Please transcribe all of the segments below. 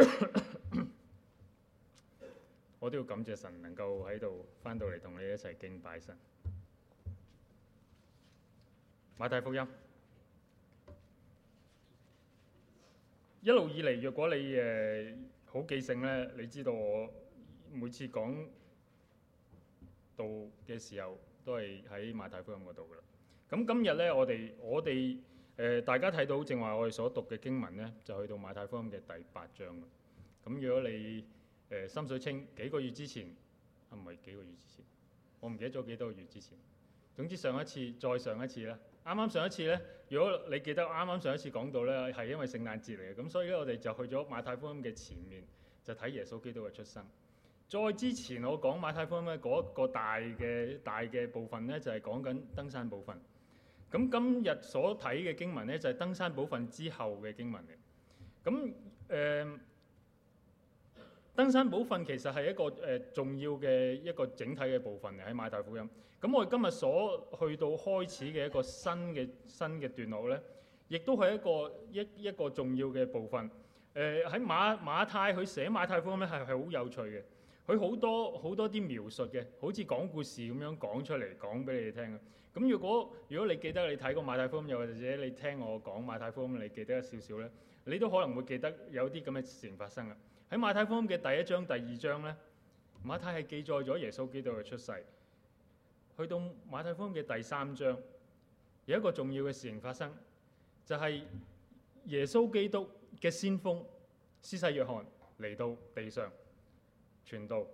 我都要感謝神，能夠喺度返到嚟同你一齊敬拜神。馬太福音一路以嚟，若果你誒、呃、好記性呢，你知道我每次講道嘅時候，都係喺馬太福音嗰度噶啦。咁今日呢，我哋我哋。誒、呃，大家睇到正話我哋所讀嘅經文呢，就去到馬太福音嘅第八章。咁如果你誒心水清，幾個月之前，啊，唔係幾個月之前，我唔記得咗幾多月之前。總之上一次，再上一次呢？啱啱上一次呢？如果你記得啱啱上一次講到呢，係因為聖誕節嚟嘅，咁所以呢，我哋就去咗馬太福音嘅前面，就睇耶穌基督嘅出生。再之前我講馬太福音呢，嗰個大嘅大嘅部分呢，就係講緊登山部分。咁今日所睇嘅經文咧，就係登山寶訓之後嘅經文嘅。咁誒，登山寶訓其實係一個誒重要嘅一個整體嘅部分嚟喺馬太福音。咁我哋今日所去到開始嘅一個新嘅新嘅段落咧，亦都係一個一一個重要嘅部分。誒喺馬馬太佢寫馬太福音咧係係好有趣嘅，佢好多好多啲描述嘅，好似講故事咁樣講出嚟講俾你哋聽嘅。咁如果如果你記得你睇過《馬太福音》，又或者你聽我講《馬太福音》，你記得一少少咧，你都可能會記得有啲咁嘅事情發生呀。喺《馬太福音》嘅第一章、第二章咧，馬太係記載咗耶穌基督嘅出世。去到《馬太福音》嘅第三章，有一個重要嘅事情發生，就係耶穌基督嘅先鋒施洗約翰嚟到地上傳道，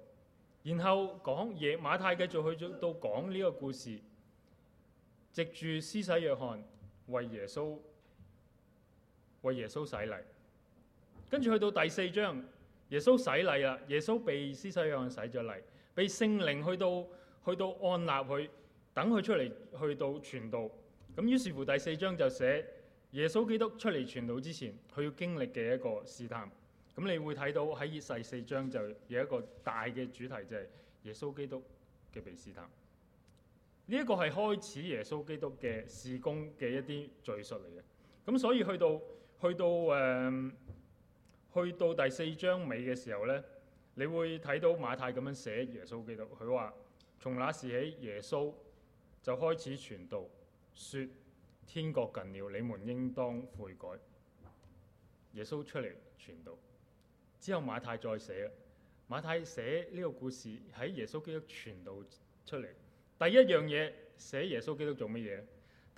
然後講嘢。馬太繼續去到講呢個故事。藉住施洗約翰為耶穌為耶穌洗禮，跟住去到第四章，耶穌洗禮啦，耶穌被施洗約翰洗咗禮，被聖靈去到去到按納去等佢出嚟，去到傳道。咁於是乎第四章就寫耶穌基督出嚟傳道之前，佢要經歷嘅一個試探。咁你會睇到喺世四章就有一個大嘅主題，就係、是、耶穌基督嘅被試探。呢、這、一個係開始耶穌基督嘅事工嘅一啲敘述嚟嘅，咁所以去到去到誒、嗯、去到第四章尾嘅時候呢，你會睇到馬太咁樣寫耶穌基督，佢話從那時起耶穌就開始傳道，說天國近了，你們應當悔改。耶穌出嚟傳道，之後馬太再寫，馬太寫呢個故事喺耶穌基督傳道出嚟。第一樣嘢寫耶穌基督做乜嘢？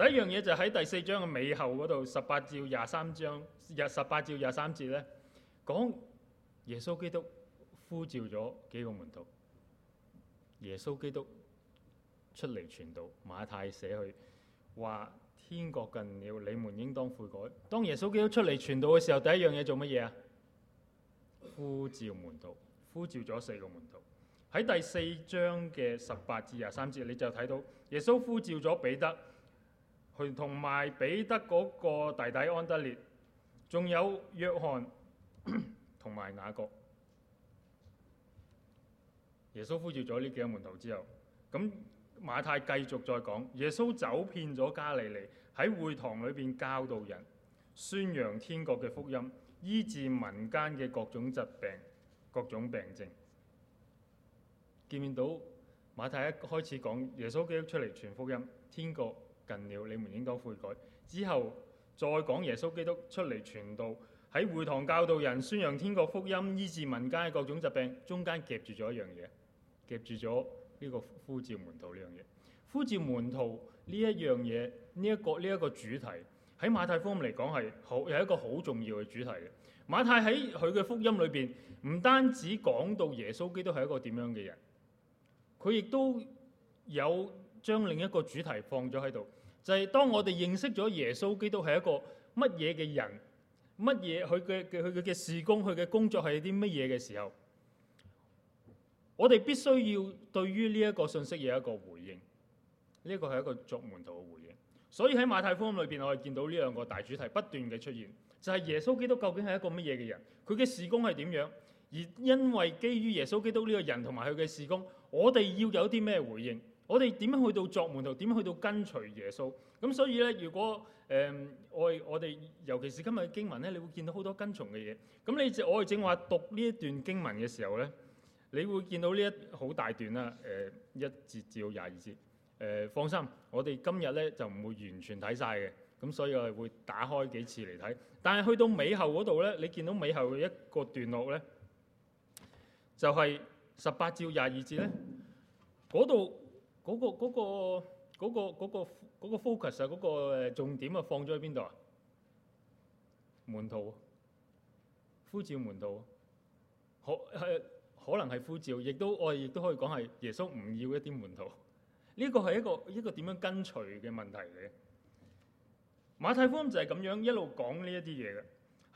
第一樣嘢就喺第四章嘅尾後嗰度，十八至廿三章，廿十八至廿三節呢，講耶穌基督呼召咗幾個門徒。耶穌基督出嚟傳道，馬太寫去話天國近了，你們應當悔改。當耶穌基督出嚟傳道嘅時候，第一樣嘢做乜嘢啊？呼召門徒，呼召咗四個門徒。喺第四章嘅十八至廿三節，你就睇到耶穌呼召咗彼得，佢同埋彼得嗰個弟弟安德烈，仲有約翰同埋雅各。耶穌呼召咗呢幾個門徒之後，咁馬太繼續再講，耶穌走遍咗加利利，喺會堂裏邊教導人，宣揚天國嘅福音，醫治民間嘅各種疾病、各種病症。見面到馬太一開始講耶穌基督出嚟傳福音，天國近了，你們應該悔改。之後再講耶穌基督出嚟傳道，喺會堂教導人，宣揚天國福音，醫治民間各種疾病。中間夾住咗一樣嘢，夾住咗呢個呼召門徒呢樣嘢。呼召門徒呢一樣嘢，呢一個呢一個主題喺馬太福音嚟講係好有一個好重要嘅主題嘅。馬太喺佢嘅福音裏邊，唔單止講到耶穌基督係一個點樣嘅人。佢亦都有將另一個主題放咗喺度，就係當我哋認識咗耶穌基督係一個乜嘢嘅人，乜嘢佢嘅佢嘅嘅事工，佢嘅工作係啲乜嘢嘅時候，我哋必須要對於呢一個信息有一個回應。呢個係一個作門徒嘅回應。所以喺馬太福音裏邊，我哋見到呢兩個大主題不斷嘅出現，就係耶穌基督究竟係一個乜嘢嘅人，佢嘅事工係點樣？而因為基於耶穌基督呢個人同埋佢嘅事工。我哋要有啲咩回應？我哋點樣去到作門徒？點樣去到跟隨耶穌？咁所以呢，如果誒、呃、我我哋尤其是今日經文呢，你會見到好多跟從嘅嘢。咁你我哋正話讀呢一段經文嘅時候呢，你會見到呢一好大段啦。誒、呃、一節至到廿二節。放心，我哋今日呢就唔會完全睇晒嘅。咁所以我哋會打開幾次嚟睇。但係去到尾後嗰度呢，你見到尾後一個段落呢，就係、是。十八節，廿二節咧，嗰度嗰個嗰個嗰個嗰個嗰個 focus 啊，嗰個重點啊，放咗喺邊度啊？門徒，呼召門徒，可係可能係呼召，亦都我亦都可以講係耶穌唔要一啲門徒。呢個係一個一個點樣跟隨嘅問題嚟嘅。馬太福音就係咁樣一路講呢一啲嘢嘅。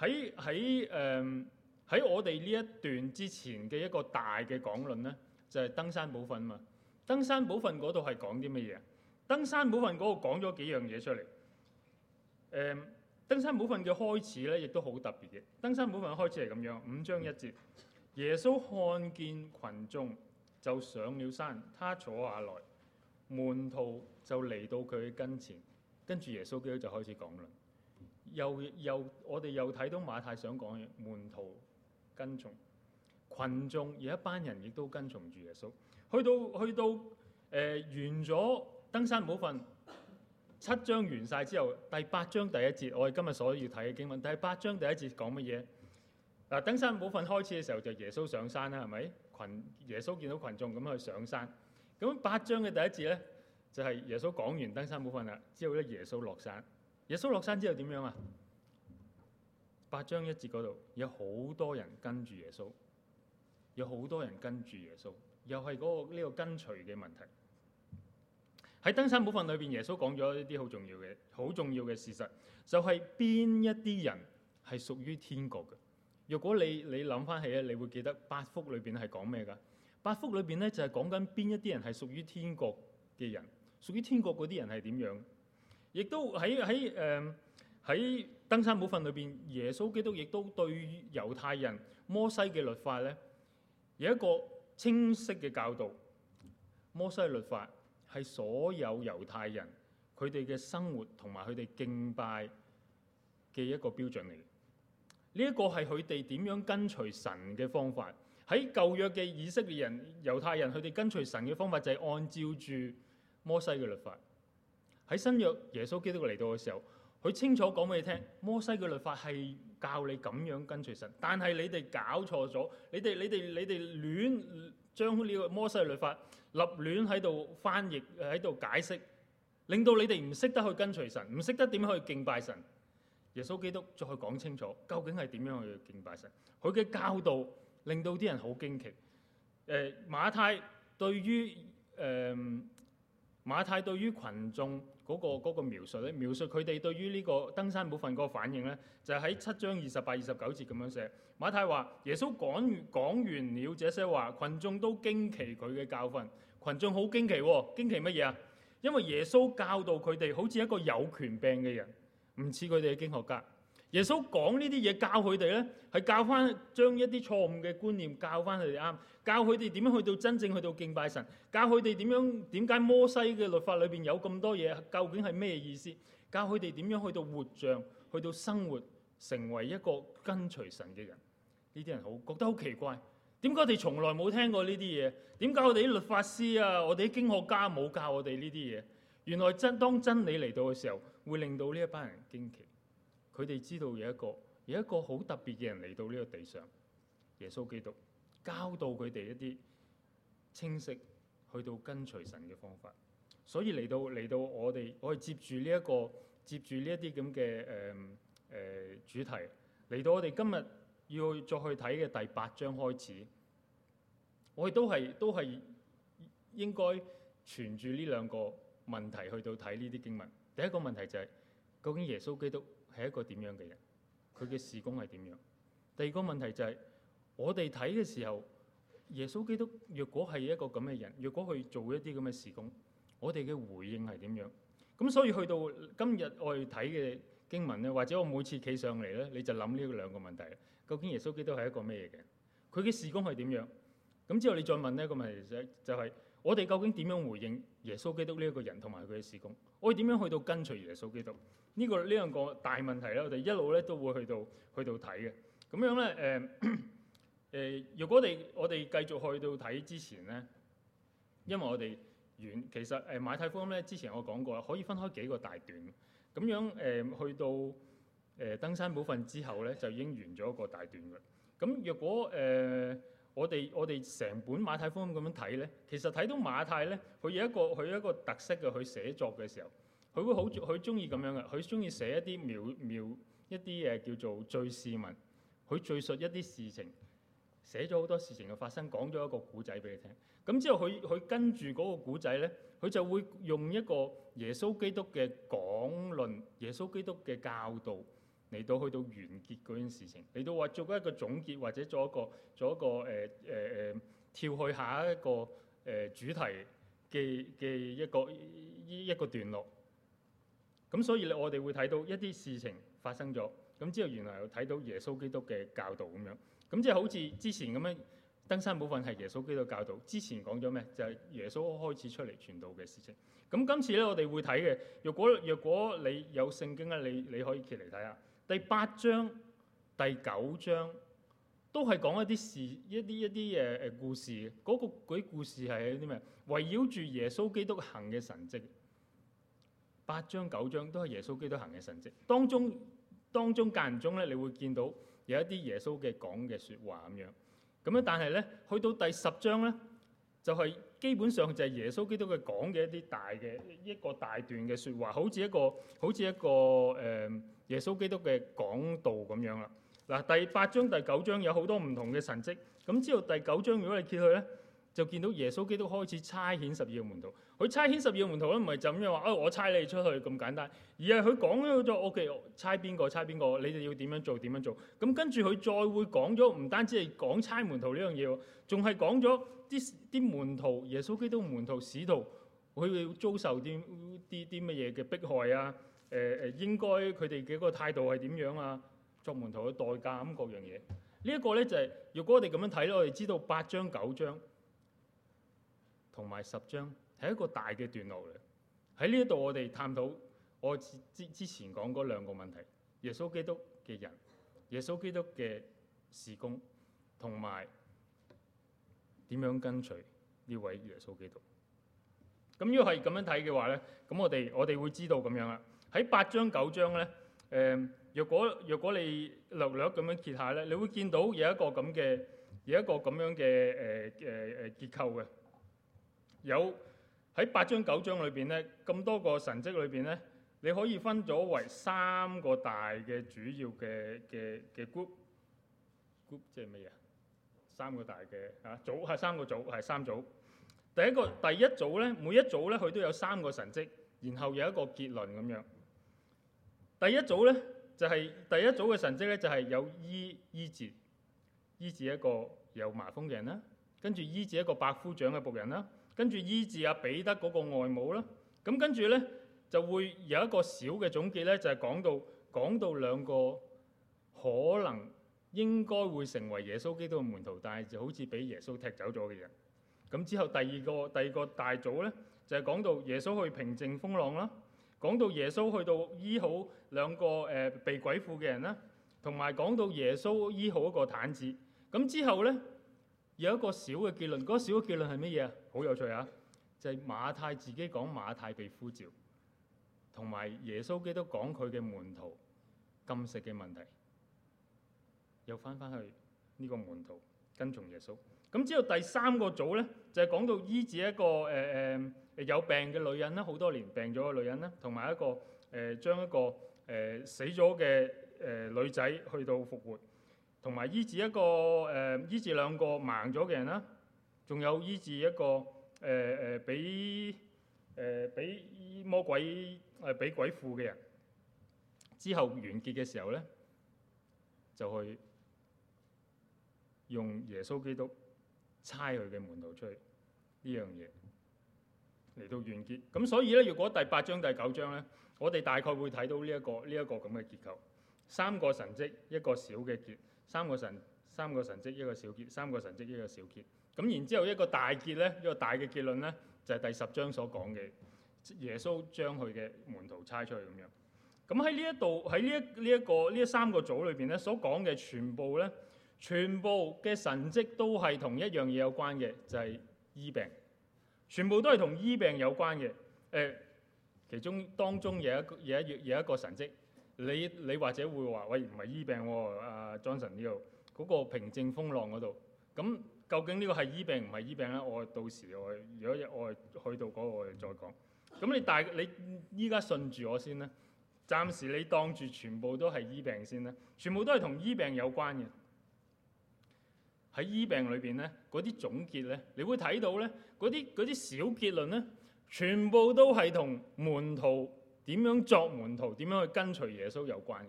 喺喺誒。喺我哋呢一段之前嘅一個大嘅講論呢，就係、是、登山寶訓嘛。登山寶訓嗰度係講啲乜嘢？登山寶訓嗰度講咗幾樣嘢出嚟、嗯。登山寶訓嘅開始呢，亦都好特別嘅。登山寶訓開始係咁樣，五章一節。耶穌看見群眾就上了山，他坐下來，門徒就嚟到佢嘅跟前，跟住耶穌基督就開始講論。又又我哋又睇到馬太想講嘅門徒，跟從群眾，而一班人亦都跟從住耶穌。去到去到誒、呃、完咗登山寶訓七章完晒之後，第八章第一節我哋今日所要睇嘅經文。第八章第一節講乜嘢？嗱、啊，登山寶訓開始嘅時候就耶穌上山啦，係咪？羣耶穌見到群眾咁去上山。咁八章嘅第一節呢，就係、是、耶穌講完登山寶訓啦。之後咧，耶穌落山。耶穌落山之後點樣啊？八章一節嗰度有好多人跟住耶穌，有好多人跟住耶穌，又係、嗰個、呢個跟隨嘅問題。喺登山寶訓裏邊，耶穌講咗一啲好重要嘅、好重要嘅事實，就係、是、邊一啲人係屬於天國嘅。若果你你諗翻起咧，你會記得八福裏邊係講咩噶？八福裏邊咧就係講緊邊一啲人係屬於天國嘅人，屬於天國嗰啲人係點樣？亦都喺喺誒。喺登山寶訓裏邊，耶穌基督亦都對猶太人摩西嘅律法咧有一個清晰嘅教導。摩西的律法係所有猶太人佢哋嘅生活同埋佢哋敬拜嘅一個標準嚟嘅。呢、這、一個係佢哋點樣跟隨神嘅方法。喺舊約嘅以色列人、猶太人，佢哋跟隨神嘅方法就係按照住摩西嘅律法。喺新約耶穌基督嚟到嘅時候。佢清楚講俾你聽，摩西嘅律法係教你咁樣跟隨神，但係你哋搞錯咗，你哋你哋你哋亂將呢個摩西嘅律法立亂喺度翻譯喺度解釋，令到你哋唔識得去跟隨神，唔識得點樣去敬拜神。耶穌基督再去講清楚，究竟係點樣去敬拜神？佢嘅教導令到啲人好驚奇。誒、呃，馬太對於誒、呃、馬太對於羣眾，嗰個嗰個描述咧，描述佢哋對於呢個登山寶訓嗰個反應咧，就係喺七章二十八、二十九節咁樣寫。馬太話：耶穌講完講完了這些話，群眾都驚奇佢嘅教訓。群眾好驚奇，哦，驚奇乜嘢啊？因為耶穌教導佢哋，好似一個有權柄嘅人，唔似佢哋嘅經學家。耶穌講呢啲嘢教佢哋呢，係教翻將一啲錯誤嘅觀念教翻佢哋啱，教佢哋點樣去到真正去到敬拜神，教佢哋點樣點解摩西嘅律法裏邊有咁多嘢，究竟係咩意思？教佢哋點樣去到活像，去到生活，成為一個跟隨神嘅人。呢啲人好覺得好奇怪，點解我哋從來冇聽過呢啲嘢？點解我哋啲律法師啊，我哋啲經學家冇教我哋呢啲嘢？原來真當真理嚟到嘅時候，會令到呢一班人驚奇。佢哋知道有一個有一個好特別嘅人嚟到呢個地上，耶穌基督教導佢哋一啲清晰去到跟隨神嘅方法，所以嚟到嚟到我哋我哋接住呢一個接住呢一啲咁嘅誒誒主題嚟到我哋今日要再去睇嘅第八章開始，我哋都係都係應該存住呢兩個問題去到睇呢啲經文。第一個問題就係究竟耶穌基督，係一個點樣嘅人？佢嘅事工係點樣？第二個問題就係：我哋睇嘅時候，耶穌基督若果係一個咁嘅人，若果去做一啲咁嘅事工，我哋嘅回應係點樣？咁所以去到今日我哋睇嘅經文咧，或者我每次企上嚟咧，你就諗呢兩個問題：究竟耶穌基督係一個咩嘅人？佢嘅事工係點樣？咁之後你再問呢個問題就係：我哋究竟點樣回應耶穌基督呢一個人同埋佢嘅事工？我哋點樣去到跟隨耶穌基督？呢、這個呢兩、這個大問題咧，我哋一路咧都會去到去到睇嘅。咁樣咧，誒、呃、誒，若、呃、果我哋我哋繼續去到睇之前咧，因為我哋完其實誒、呃、馬太福音咧，之前我講過，可以分開幾個大段。咁樣誒、呃、去到誒登、呃、山寶訓之後咧，就已經完咗一個大段㗎。咁若果誒、呃、我哋我哋成本馬太福音咁樣睇咧，其實睇到馬太咧，佢有一個佢有一個特色嘅去寫作嘅時候。佢會好佢中意咁樣嘅，佢中意寫一啲描描一啲誒叫做敍事文，佢敍述一啲事情，寫咗好多事情嘅發生，講咗一個古仔俾你聽。咁之後佢佢跟住嗰個古仔呢，佢就會用一個耶穌基督嘅講論、耶穌基督嘅教導嚟到去到完結嗰件事情，嚟到話做一個總結，或者做一個做一個誒誒誒跳去下一個誒、呃、主題嘅嘅一個依一，一個段落。咁所以咧，我哋會睇到一啲事情發生咗，咁之後原來又睇到耶穌基督嘅教導咁樣，咁即係好似之前咁樣登山寶訓係耶穌基督教導，之前講咗咩？就係、是、耶穌開始出嚟傳道嘅事情。咁今次咧，我哋會睇嘅。若果若果你有聖經咧，你你可以揭嚟睇下第八章、第九章，都係講一啲事、一啲一啲誒誒故事嘅。嗰、那個故事係啲咩？圍繞住耶穌基督行嘅神跡。八章九章都係耶穌基督行嘅神跡，當中當中間唔中咧，你會見到有一啲耶穌嘅講嘅説話咁樣。咁樣但係咧，去到第十章咧，就係、是、基本上就係耶穌基督嘅講嘅一啲大嘅一個大段嘅説話，好似一個好似一個誒、呃、耶穌基督嘅講道咁樣啦。嗱，第八章第九章有好多唔同嘅神跡。咁之後第九章如果你揭去咧。就見到耶穌基督開始差遣十二個門徒。佢差遣十二個門徒咧，唔係就咁樣話，啊我差你出去咁簡單，而係佢講咗 OK，差邊個差邊個，你哋要點樣做點樣做。咁跟住佢再會講咗，唔單止係講差門徒呢樣嘢喎，仲係講咗啲啲門徒耶穌基督門徒使徒，佢會遭受啲啲啲乜嘢嘅迫害啊？誒誒，應該佢哋嘅嗰個態度係點樣啊？作門徒嘅代價咁各樣嘢。呢一個咧就係，如果我哋咁樣睇咧，我哋知道八章九章。同埋十章係一個大嘅段落嚟，喺呢一度我哋探討我之之前講嗰兩個問題：耶穌基督嘅人、耶穌基督嘅事工，同埋點樣跟隨呢位耶穌基督。咁如果係咁樣睇嘅話呢，咁我哋我哋會知道咁樣啦。喺八章九章呢，誒若果若果你略略咁樣揭下呢，你會見到有一個咁嘅有一個咁樣嘅誒誒誒結構嘅。有喺八章九章裏邊咧，咁多個神蹟裏邊咧，你可以分咗為三個大嘅主要嘅嘅嘅 group。group 即係乜嘢？三個大嘅嚇、啊、組係三個組係三組。第一個第一組咧，每一組咧佢都有三個神蹟，然後有一個結論咁樣。第一組咧就係、是、第一組嘅神蹟咧就係、是、有醫醫治，醫治一個有麻風嘅人啦，跟住醫治一個百夫長嘅僕人啦。跟住醫治阿、啊、彼得嗰個外母啦、啊，咁跟住呢，就會有一個小嘅總結呢，就係、是、講到講到兩個可能應該會成為耶穌基督嘅門徒，但係就好似俾耶穌踢走咗嘅人。咁之後第二個第二個大組呢，就係、是、講到耶穌去平靜風浪啦、啊，講到耶穌去到醫好兩個誒、呃、被鬼附嘅人啦、啊，同埋講到耶穌醫好一個癱子。咁之後呢，有一個小嘅結論，嗰、那個小嘅結論係乜嘢啊？好有趣啊！就係、是、馬太自己講馬太被呼召，同埋耶穌基督講佢嘅門徒禁食嘅問題，又返返去呢個門徒跟從耶穌。咁之後第三個組呢，就係、是、講到醫治一個誒誒、呃、有病嘅女人啦，好多年病咗嘅女人啦，同埋一個誒、呃、將一個誒、呃、死咗嘅誒女仔去到復活。同埋醫治一個誒，醫治兩個盲咗嘅人啦，仲有醫治一個誒誒，俾誒俾魔鬼誒俾、呃、鬼附嘅人。之後完結嘅時候咧，就去用耶穌基督差佢嘅門徒出去，呢樣嘢嚟到完結。咁所以咧，如果第八章第九章咧，我哋大概會睇到呢、這、一個呢一、這個咁嘅結構，三個神跡，一個小嘅結。三個神三個神蹟一個小結，三個神蹟一個小結，咁然之後一個大結咧，一個大嘅結論咧，就係、是、第十章所講嘅耶穌將佢嘅門徒差出去咁樣。咁喺呢一度，喺呢一呢一個呢三個組裏邊咧，所講嘅全部咧，全部嘅神蹟都係同一樣嘢有關嘅，就係、是、醫病。全部都係同醫病有關嘅。誒、呃，其中當中有一個有一有一個神蹟。你你或者會話，喂，唔係醫病喎、哦，阿、啊、Johnson 呢度嗰個平靜風浪嗰度，咁究竟呢個係醫病唔係醫病咧？我到時我如果我去到嗰、嗰個、我哋再講。咁你大你依家順住我先啦，暫時你當住全部都係醫病先啦，全部都係同醫病有關嘅。喺醫病裏邊咧，嗰啲總結咧，你會睇到咧，嗰啲啲小結論咧，全部都係同門徒。點樣作門徒？點樣去跟隨耶穌有關嘅？誒、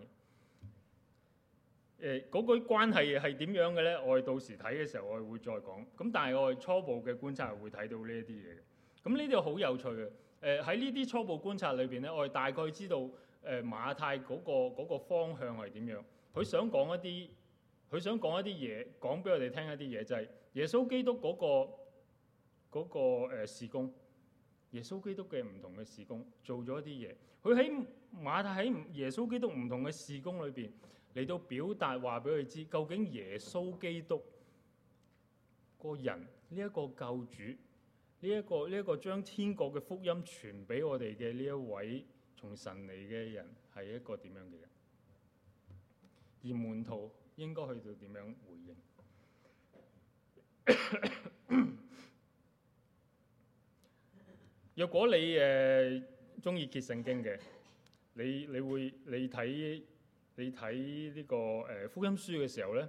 呃、嗰、嗰個關係係點樣嘅呢？我哋到時睇嘅時候，我哋會再講。咁但係我哋初步嘅觀察會睇到呢一啲嘢。咁呢啲好有趣嘅。喺呢啲初步觀察裏邊呢，我哋大概知道誒、呃、馬太嗰、嗰個嗰個方向係點樣。佢想講一啲佢想講一啲嘢，講俾我哋聽一啲嘢，就係、是、耶穌基督嗰、嗰個嗰、嗰個嗰個呃、事工。耶穌基督嘅唔同嘅事工，做咗一啲嘢。佢喺馬太喺耶穌基督唔同嘅事工裏邊嚟到表達，話俾佢知究竟耶穌基督個人呢一個救主，呢一個呢一個將天國嘅福音傳俾我哋嘅呢一位從神嚟嘅人係一個點樣嘅人？而門徒應該去到點樣回應？ 若果你誒中意揭聖經嘅，你你會你睇你睇呢、這個誒、呃、福音書嘅時候咧，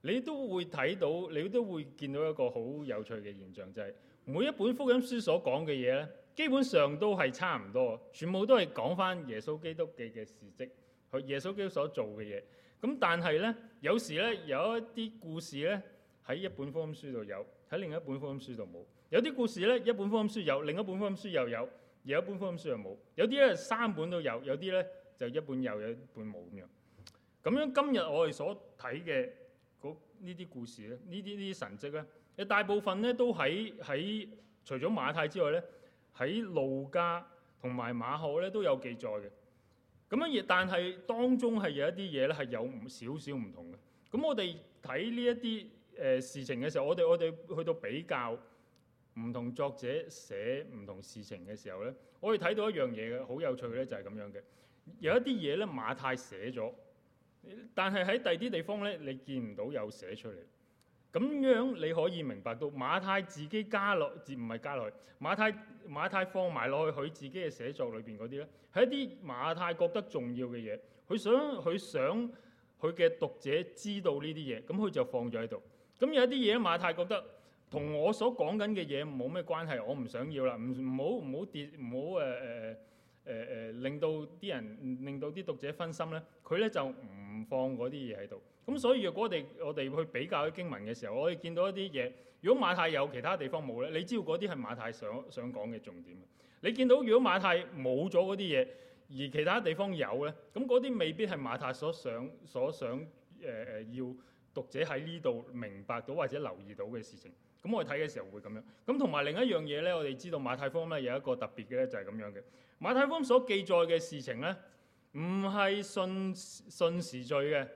你都會睇到，你都會見到一個好有趣嘅現象，就係、是、每一本福音書所講嘅嘢咧，基本上都係差唔多，全部都係講返耶穌基督嘅嘅事蹟，佢耶穌基督所做嘅嘢。咁但係咧，有時咧有一啲故事咧喺一本福音書度有，喺另一本福音書度冇。有啲故事咧，一本番書有，另一本番書，書又有，而一本番書又冇。有啲咧三本都有，有啲咧就一本有，一本冇咁樣。咁樣今日我哋所睇嘅呢啲故事咧，呢啲呢啲神跡咧，大部分咧都喺喺除咗馬太之外咧，喺路加同埋馬可咧都有記載嘅。咁樣亦但係當中係有一啲嘢咧係有唔少少唔同嘅。咁我哋睇呢一啲誒事情嘅時候，我哋我哋去到比較。唔同作者寫唔同事情嘅時候呢，我哋睇到一樣嘢嘅好有趣嘅咧，就係咁樣嘅。有一啲嘢呢，馬太寫咗，但係喺第二啲地方呢，你見唔到有寫出嚟。咁樣你可以明白到馬太自己加落，唔係加落去馬太馬太放埋落去佢自己嘅寫作裏邊嗰啲呢，係一啲馬太覺得重要嘅嘢，佢想佢想佢嘅讀者知道呢啲嘢，咁佢就放咗喺度。咁有一啲嘢咧，馬太覺得。同我所講緊嘅嘢冇咩關係，我唔想要啦，唔唔好唔好跌唔好誒誒誒誒令到啲人令到啲讀者分心咧。佢咧就唔放嗰啲嘢喺度。咁所以若果我哋我哋去比較經文嘅時候，我哋見到一啲嘢。如果馬太有其他地方冇咧，你知道嗰啲係馬太想想講嘅重點。你見到如果馬太冇咗嗰啲嘢，而其他地方有咧，咁嗰啲未必係馬太所想所想誒誒、呃、要讀者喺呢度明白到或者留意到嘅事情。咁我睇嘅時候會咁樣，咁同埋另一樣嘢咧，我哋知道馬太福音咧有一個特別嘅咧就係、是、咁樣嘅。馬太福音所記載嘅事情咧，唔係信順時序嘅，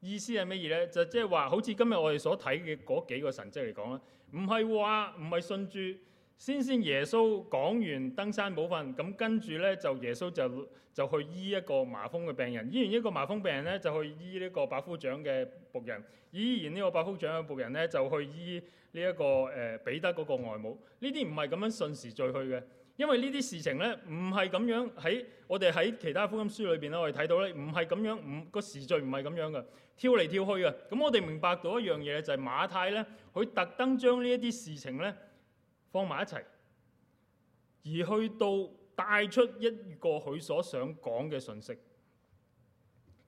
意思係乜嘢咧？就即係話，好似今日我哋所睇嘅嗰幾個神跡嚟講啦，唔係話唔係信住。先先耶穌講完登山寶訓，咁跟住咧就耶穌就就去醫一個麻風嘅病人，醫完一個麻風病人咧就去醫呢個百夫長嘅僕人，醫完呢個百夫長嘅僕人咧就去醫呢一個誒、呃、彼得嗰個外母。呢啲唔係咁樣順時序去嘅，因為呢啲事情咧唔係咁樣喺我哋喺其他福音書裏邊咧，我哋睇到咧唔係咁樣，唔個時序唔係咁樣嘅，跳嚟跳去嘅。咁我哋明白到一樣嘢就係、是、馬太咧，佢特登將呢一啲事情咧，放埋一齊，而去到帶出一個佢所想講嘅信息。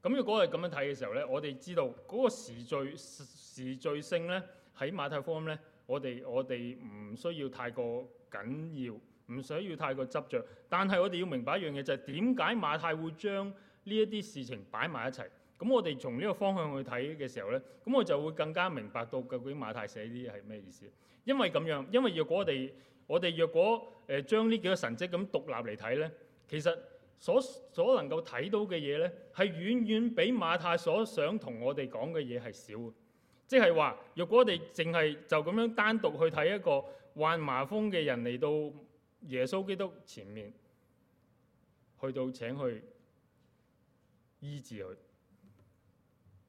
咁如果係咁樣睇嘅時候呢，我哋知道嗰個時序時,時序性呢，喺馬太福音咧，我哋我哋唔需要太過緊要，唔需要太過執着。但係我哋要明白一樣嘢就係點解馬太會將呢一啲事情擺埋一齊。咁我哋從呢個方向去睇嘅時候呢，咁我就會更加明白到究竟馬太寫呢啲係咩意思。因為咁樣，因為若果我哋我哋若果誒將呢幾個神跡咁獨立嚟睇呢，其實所所能夠睇到嘅嘢呢，係遠遠比馬太所想同我哋講嘅嘢係少。即係話，若果我哋淨係就咁樣單獨去睇一個患麻風嘅人嚟到耶穌基督前面，去到請去醫治佢。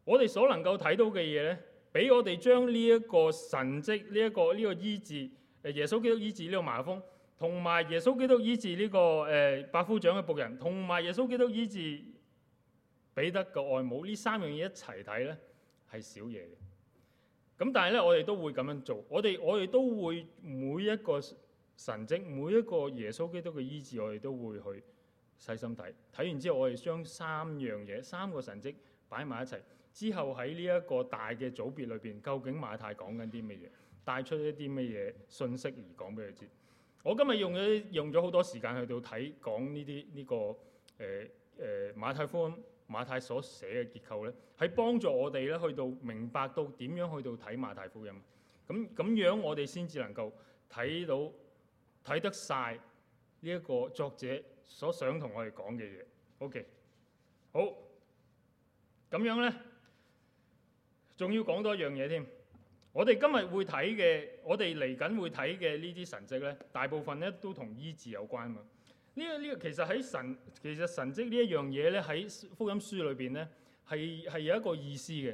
我哋所能夠睇到嘅嘢呢，俾我哋將呢一個神蹟、呢、呢、一個呢、呢個醫治，耶穌基督醫治呢個麻風，同埋耶穌基督醫治呢、呢個誒百夫長嘅僕人，同埋耶穌基督醫治彼得嘅外母呢三樣嘢一齊睇呢，係少嘢嘅。咁但係呢，我哋都會咁樣做。我哋我哋都會每一個神蹟、每一個耶穌基督嘅醫治，我哋都會去細心睇。睇完之後，我哋將三樣嘢、三個神蹟擺埋一齊。之後喺呢一個大嘅組別裏邊，究竟馬太講緊啲乜嘢，帶出一啲乜嘢信息而講俾佢知。我今日用咗用咗好多時間去到睇講呢啲呢個誒誒、呃呃、馬太福音馬太所寫嘅結構咧，係幫助我哋咧去到明白到點樣去到睇馬太福音。咁咁樣我哋先至能夠睇到睇得晒呢一個作者所想同我哋講嘅嘢。OK，好，咁樣咧。仲要講多一樣嘢添，我哋今日會睇嘅，我哋嚟緊會睇嘅呢啲神跡咧，大部分咧都同醫治有關嘛。呢個呢個其實喺神，其實神跡呢一樣嘢咧喺福音書裏邊咧，係係有一個意思嘅。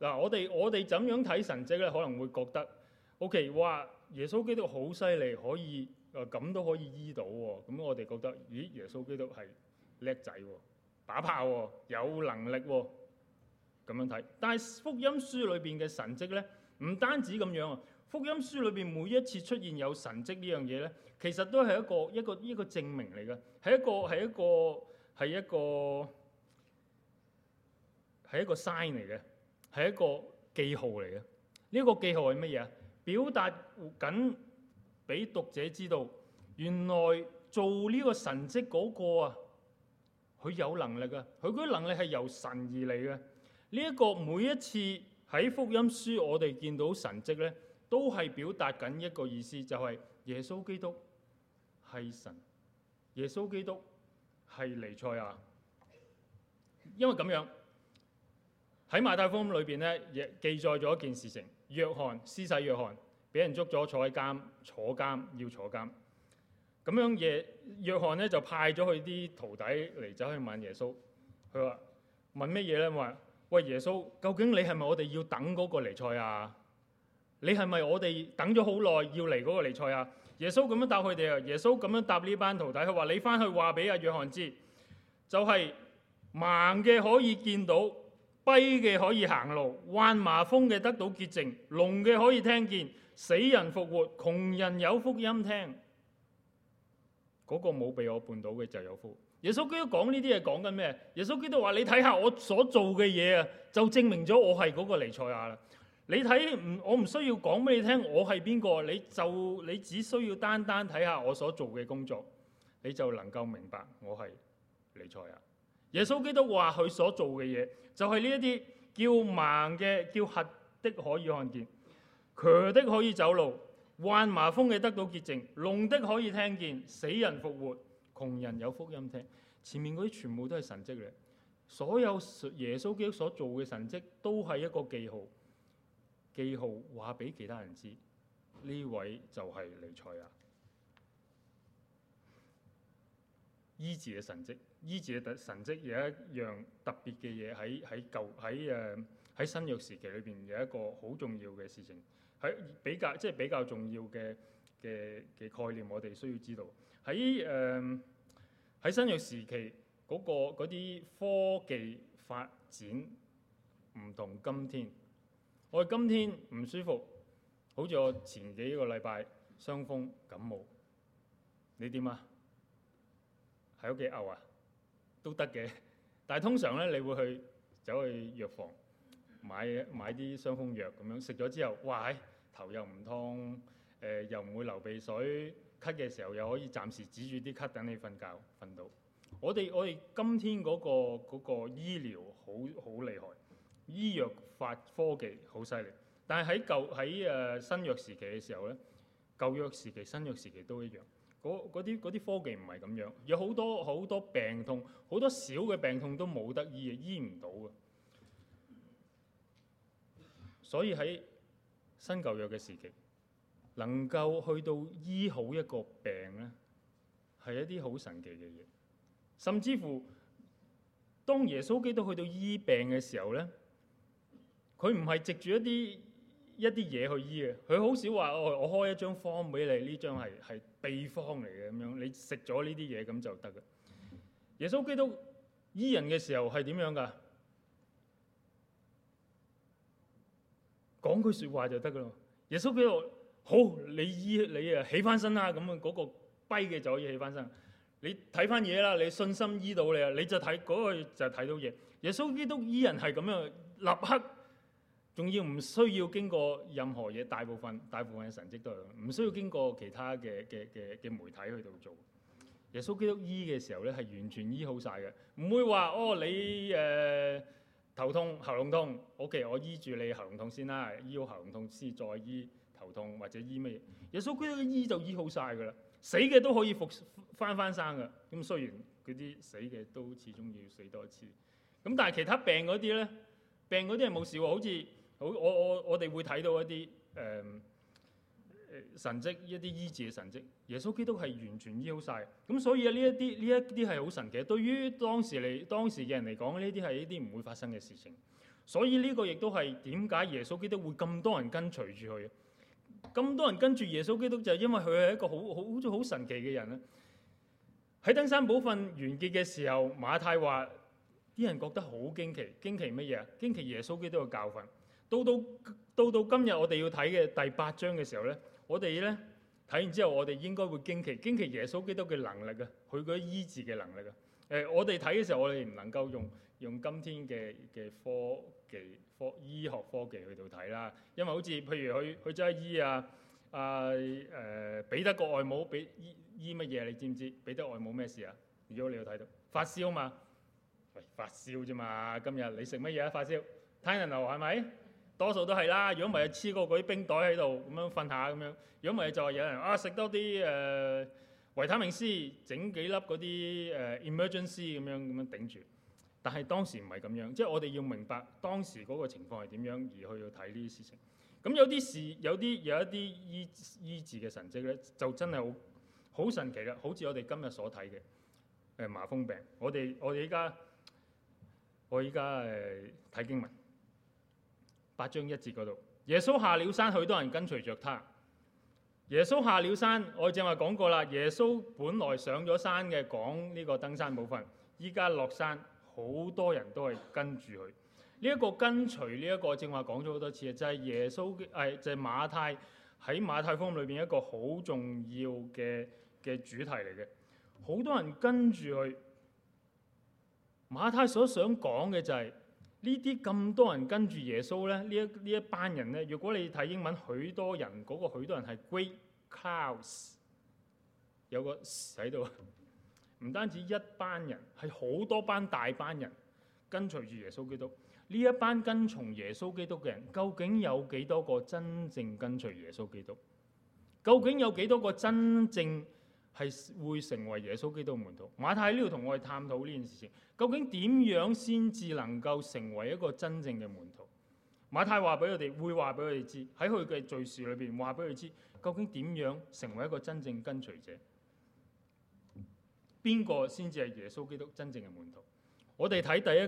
嗱，我哋我哋怎樣睇神跡咧，可能會覺得，OK，哇，耶穌基督好犀利，可以啊咁都可以醫到喎。咁我哋覺得，咦，耶穌基督係叻仔喎，打炮喎，有能力喎。咁樣睇，但係福音書裏面嘅神蹟咧，唔單止咁樣啊！福音書裏面每一次出現有神蹟呢樣嘢咧，其實都係一個一個一個證明嚟嘅，係一個係一個係一個係一個 sign 嚟嘅，係一個記號嚟嘅。呢、呢個記號係乜嘢啊？表達緊俾讀者知道，原來做呢個神蹟嗰、嗰個啊，佢有能力啊。佢嗰啲能力係由神而嚟嘅。呢一個每一次喺福音書我哋見到神跡咧，都係表達緊一個意思，就係耶穌基督係神，耶穌基督係彌賽亞。因為咁樣喺馬太福音裏邊咧，亦記載咗一件事情。約翰、施洗約翰俾人捉咗坐喺監，坐監，要坐監。咁樣耶、約翰咧就派咗佢啲徒弟嚟走去問耶穌，佢話問乜嘢咧？我喂，耶穌，究竟你係咪我哋要等嗰個尼賽啊？你係咪我哋等咗好耐要嚟嗰個尼賽啊？耶穌咁樣答佢哋啊！耶穌咁樣答呢班徒弟，佢話、啊：你翻去話俾阿約翰知，就係、是、盲嘅可以見到，跛嘅可以行路，患麻風嘅得到潔淨，聾嘅可以聽見，死人復活，窮人有福音聽。嗰、那個冇俾我絆倒嘅就有福。耶穌基督講呢啲嘢講緊咩？耶穌基督話：你睇下我所做嘅嘢啊，就證明咗我係嗰個彌賽亞啦。你睇唔我唔需要講俾你聽我係邊個，你就你只需要單單睇下我所做嘅工作，你就能夠明白我係彌賽亞。耶穌基督話佢所做嘅嘢就係呢一啲叫盲嘅叫瞎的可以看見，瘸的可以走路，患麻風嘅得到潔淨，聾的可以聽見，死人復活。窮人有福音聽，前面嗰啲全部都係神蹟咧。所有耶穌基督所做嘅神蹟都係一個記號，記號話俾其他人知，呢位就係彌賽亞。醫治嘅神蹟，醫治嘅特神蹟有一樣特別嘅嘢，喺喺舊喺誒喺新約時期裏邊有一個好重要嘅事情，喺比較即係、就是、比較重要嘅嘅嘅概念，我哋需要知道。喺誒喺新約時期，嗰個嗰啲科技發展唔同今天。我哋今天唔舒服，好似我前幾個禮拜傷風感冒，你點啊？喺屋企嘔啊，都得嘅。但係通常咧，你會去走去藥房買買啲傷風藥咁樣，食咗之後，哇！頭又唔痛，誒又唔會流鼻水。咳嘅時候又可以暫時止住啲咳，等你瞓覺瞓到。我哋我哋今天嗰個嗰個醫療好好厲害，醫藥發科技好犀利。但係喺舊喺誒新藥時期嘅時候呢，舊藥時期、新藥時期都一樣。嗰啲啲科技唔係咁樣，有好多好多病痛，好多小嘅病痛都冇得醫，醫唔到嘅。所以喺新舊藥嘅時期。能夠去到醫好一個病咧，係一啲好神奇嘅嘢。甚至乎，當耶穌基督去到醫病嘅時候咧，佢唔係藉住一啲一啲嘢去醫嘅，佢好少話哦、哎，我開一張方俾你，呢張係係秘方嚟嘅咁樣，你食咗呢啲嘢咁就得噶。耶穌基督醫人嘅時候係點樣噶？講句説話就得噶咯。耶穌基督。好，你醫你啊起翻身啦，咁樣嗰個跛嘅就可以起翻身。你睇翻嘢啦，你信心醫到你啊，你就睇嗰、嗰個就睇到嘢。耶穌基督醫人係咁樣，立刻仲要唔需要經過任何嘢？大部分大部分嘅神跡都係唔需要經過其他嘅嘅嘅嘅媒體去到做。耶穌基督醫嘅時候呢，係完全醫好晒嘅，唔會話哦你誒、呃、頭痛、喉嚨痛，OK，我醫住你喉嚨痛先啦，醫好喉嚨痛先再醫，頭痛或者醫咩嘢？耶穌基督醫就醫好晒噶啦，死嘅都可以復翻翻生噶。咁雖然佢啲死嘅都始終要死多一次，咁但係其他病嗰啲咧，病嗰啲係冇事喎。好似好我我我哋會睇到一啲誒、嗯、神跡，一啲醫治嘅神跡。耶穌基督係完全醫好晒。咁所以呢一啲呢一啲係好神奇。對於當時嚟當時嘅人嚟講，呢啲係呢啲唔會發生嘅事情。所以呢個亦都係點解耶穌基督會咁多人跟隨住佢。咁多人跟住耶穌基督就係因為佢係一個好好好神奇嘅人啊！喺登山寶訓完結嘅時候，馬太話啲人覺得好驚奇，驚奇乜嘢啊？驚奇耶穌基督嘅教訓。到到到到今日，我哋要睇嘅第八章嘅時候呢，我哋呢睇完之後，我哋應該會驚奇，驚奇耶穌基督嘅能力啊！佢嗰啲醫治嘅能力啊！誒，我哋睇嘅時候，我哋唔能夠、呃、用用今天嘅嘅科技。科醫學科技去到睇啦，因為好似譬如去去真係醫啊啊誒，彼得個外母俾醫醫乜嘢？你知唔知？彼得外母咩事啊？如果你有睇到發燒嘛，喂、哎、發燒啫嘛，今日你食乜嘢啊？發燒，Tylenol 係咪？多數都係啦，如果唔係黐個嗰啲冰袋喺度咁樣瞓下咁樣，如果唔係就係有人啊食多啲誒、呃、維他命 C，整幾粒嗰啲誒 emergency 咁樣咁樣頂住。但係當時唔係咁樣，即係我哋要明白當時嗰個情況係點樣，而去要睇呢啲事情。咁有啲事，有啲有一啲醫醫治嘅神跡咧，就真係好好神奇啦。好似我哋今日所睇嘅，誒，麻風病。我哋我哋依家我依家誒睇經文八章一節嗰度，耶穌下了山，許多人跟隨着他。耶穌下了山，我正話講過啦，耶穌本來上咗山嘅，講呢個登山部分，依家落山。好多人都係跟住佢，呢、這個這個就是哎就是、一個跟隨，呢一個正話講咗好多次啊，就係耶穌誒，就係馬太喺馬太福音裏邊一個好重要嘅嘅主題嚟嘅。好多人跟住佢，馬太所想講嘅就係呢啲咁多人跟住耶穌咧，呢一呢一班人呢。如果你睇英文，許多人嗰個許多人係 great crowds 有個 s 喺度。」唔單止一班人，係好多班大班人跟隨住耶穌基督。呢一班跟從耶穌基督嘅人，究竟有幾多個真正跟隨耶穌基督？究竟有幾多個真正係會成為耶穌基督嘅門徒？馬太喺呢度同我哋探討呢件事情，究竟點樣先至能夠成為一個真正嘅門徒？馬太話俾佢哋，會話俾佢哋知，喺佢嘅敘事裏邊話俾佢哋知，究竟點樣成為一個真正跟隨者？邊個先至係耶穌基督真正嘅門徒？我哋睇第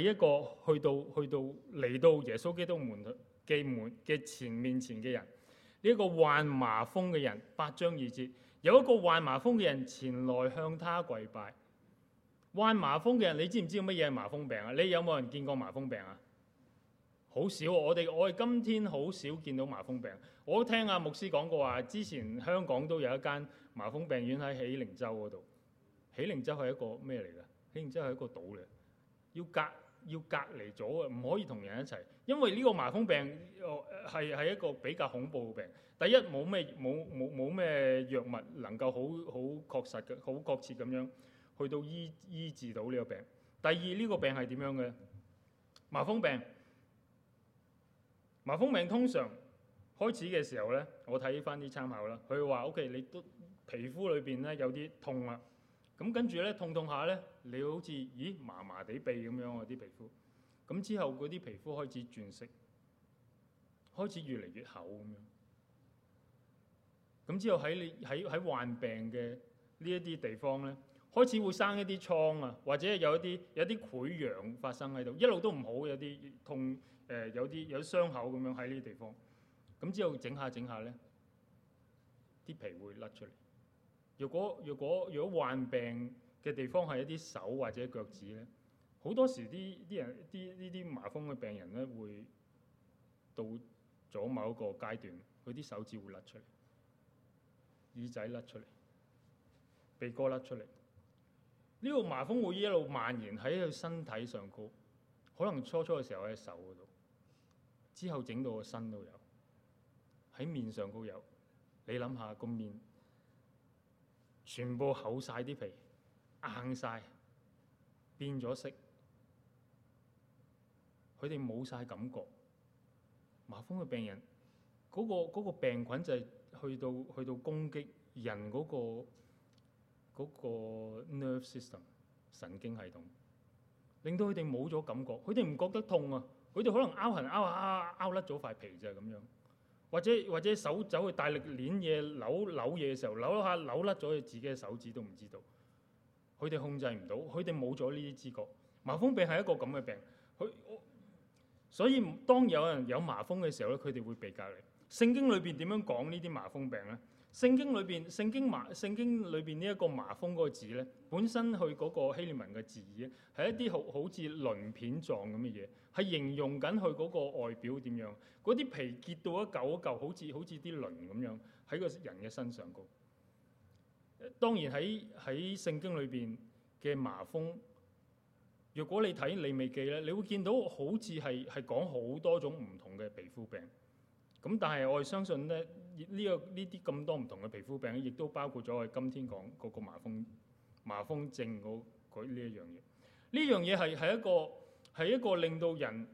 一第一個去到去到嚟到耶穌基督門嘅門嘅前面前嘅人，呢一個患麻風嘅人，八章二節，有一個患麻風嘅人前來向他跪拜。患麻風嘅人，你知唔知乜嘢係麻風病啊？你有冇人見過麻風病啊？好少，我哋我哋今天好少見到麻風病。我聽阿牧師講過話，之前香港都有一間麻風病院喺喜靈洲嗰度。喜靈洲係一個咩嚟㗎？喜靈洲係一個島嚟，要隔要隔離咗嘅，唔可以同人一齊。因為呢個麻風病係係一個比較恐怖嘅病。第一，冇咩冇冇冇咩藥物能夠好好確實嘅好確切咁樣去到醫醫治到呢個病。第二，呢個病係點樣嘅？麻風病，麻風病通常開始嘅時候咧，我睇翻啲參考啦。佢話：OK，你都皮膚裏邊咧有啲痛啊。咁跟住咧，痛痛下咧，你好似咦的麻麻地痹咁樣喎啲皮膚，咁之後嗰啲皮膚開始轉色，開始越嚟越厚咁樣。咁之後喺你喺喺患病嘅呢一啲地方咧，開始會生一啲瘡啊，或者有一啲有啲潰瘍發生喺度，一路都唔好有啲痛誒，有啲、呃、有啲有啲傷口咁樣喺呢啲地方。咁之後整下整下咧，啲皮會甩出嚟。如果如果如果患病嘅地方係一啲手或者腳趾咧，好多時啲啲人啲呢啲麻風嘅病人咧會到咗某一個階段，佢啲手指會甩出嚟，耳仔甩出嚟，鼻哥甩出嚟。呢個麻風會一路蔓延喺佢身體上高，可能初初嘅時候喺手嗰度，之後整到個身都有，喺面上高有。你諗下個面。全部厚晒啲皮，硬晒，變咗色。佢哋冇晒感覺。麻風嘅病人，嗰個嗰個病菌就係去到去到攻擊人嗰個嗰個 nerve system 神經系統，令到佢哋冇咗感覺。佢哋唔覺得痛啊！佢哋可能拗痕拗下拗甩咗塊皮就係咁樣。或者或者手走去大力捻嘢扭扭嘢嘅時候，扭一下扭甩咗自己嘅手指都唔知道，佢哋控制唔到，佢哋冇咗呢啲知覺。麻風病係一個咁嘅病，佢所以當有人有麻風嘅時候咧，佢哋會被隔離。聖經裏邊點樣講呢啲麻風病呢？聖經裏邊，聖經麻聖經裏邊呢一個麻風嗰個字呢，本身佢嗰個希臘文嘅字意咧，係一啲好好似鱗片狀咁嘅嘢，係形容緊佢嗰個外表點樣，嗰啲皮結到一嚿一嚿，好似好似啲鱗咁樣喺個人嘅身上高。當然喺喺聖經裏邊嘅麻風，若果你睇你未記呢，你會見到好似係係講好多種唔同嘅皮膚病。咁但係我哋相信呢。呢個呢啲咁多唔同嘅皮膚病，亦都包括咗我今天講嗰個麻風麻風症呢一樣嘢。呢樣嘢係係一個係一個令到人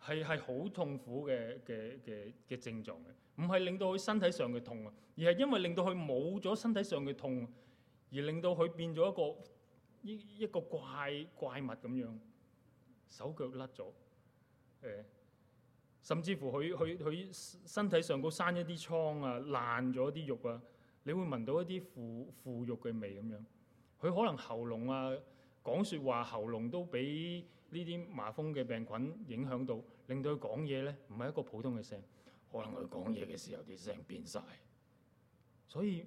係係好痛苦嘅嘅嘅嘅症狀嘅，唔係令到佢身體上嘅痛啊，而係因為令到佢冇咗身體上嘅痛，而令到佢變咗一個一一個怪怪物咁樣，手腳甩咗，誒、哎。甚至乎佢佢佢身體上高生一啲瘡啊，爛咗啲肉啊，你會聞到一啲腐腐肉嘅味咁樣。佢可能喉嚨啊，講説話喉嚨都俾呢啲麻風嘅病菌影響到，令到佢講嘢呢唔係一個普通嘅聲，可能佢講嘢嘅時候啲聲變晒。所以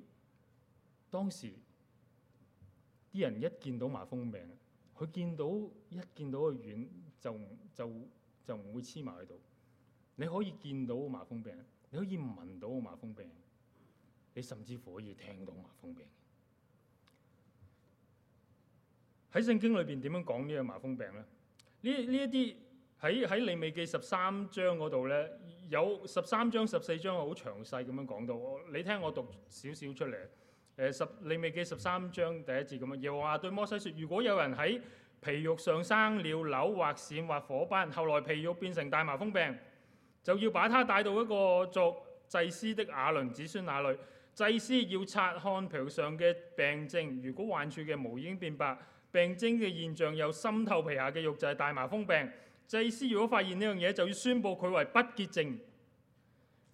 當時啲人一見到麻風病，佢見到一見到個軟就就就唔會黐埋喺度。你可以見到麻風病，你可以聞到麻風病，你甚至乎可以聽到麻風病。喺聖經裏邊點樣講呢個麻風病呢？呢一啲喺喺利未記十三章嗰度呢，有十三章十四章好詳細咁樣講到。你聽我讀少少出嚟。誒、呃、十利未記十三章第一節咁啊，耶和華對摩西説：如果有人喺皮肉上生了瘤或癬或火斑，後來皮肉變成大麻風病。就要把他帶到一個作祭司的亞倫子孫那裡。祭司要察看皮上嘅病徵，如果患處嘅毛已經變白，病徵嘅現象有深透皮下嘅肉就係、是、大麻風病。祭司如果發現呢樣嘢，就要宣佈佢為不潔症。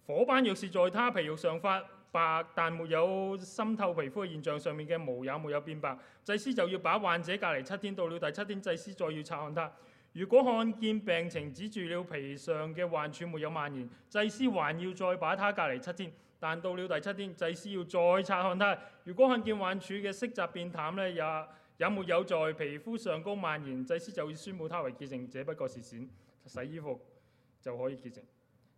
火斑若是在他皮肉上發白，但沒有深透皮膚嘅現象，上面嘅毛也沒有變白，祭司就要把患者隔離七天。到了第七天，祭司再要察看他。如果看見病情止住了，皮上嘅患處沒有蔓延，祭司還要再把他隔離七天。但到了第七天，祭司要再察看他。如果看見患處嘅色澤變淡咧，也也沒有在皮膚上高蔓延，祭司就會宣布他為潔淨者，不過是癬，洗衣服就可以潔淨。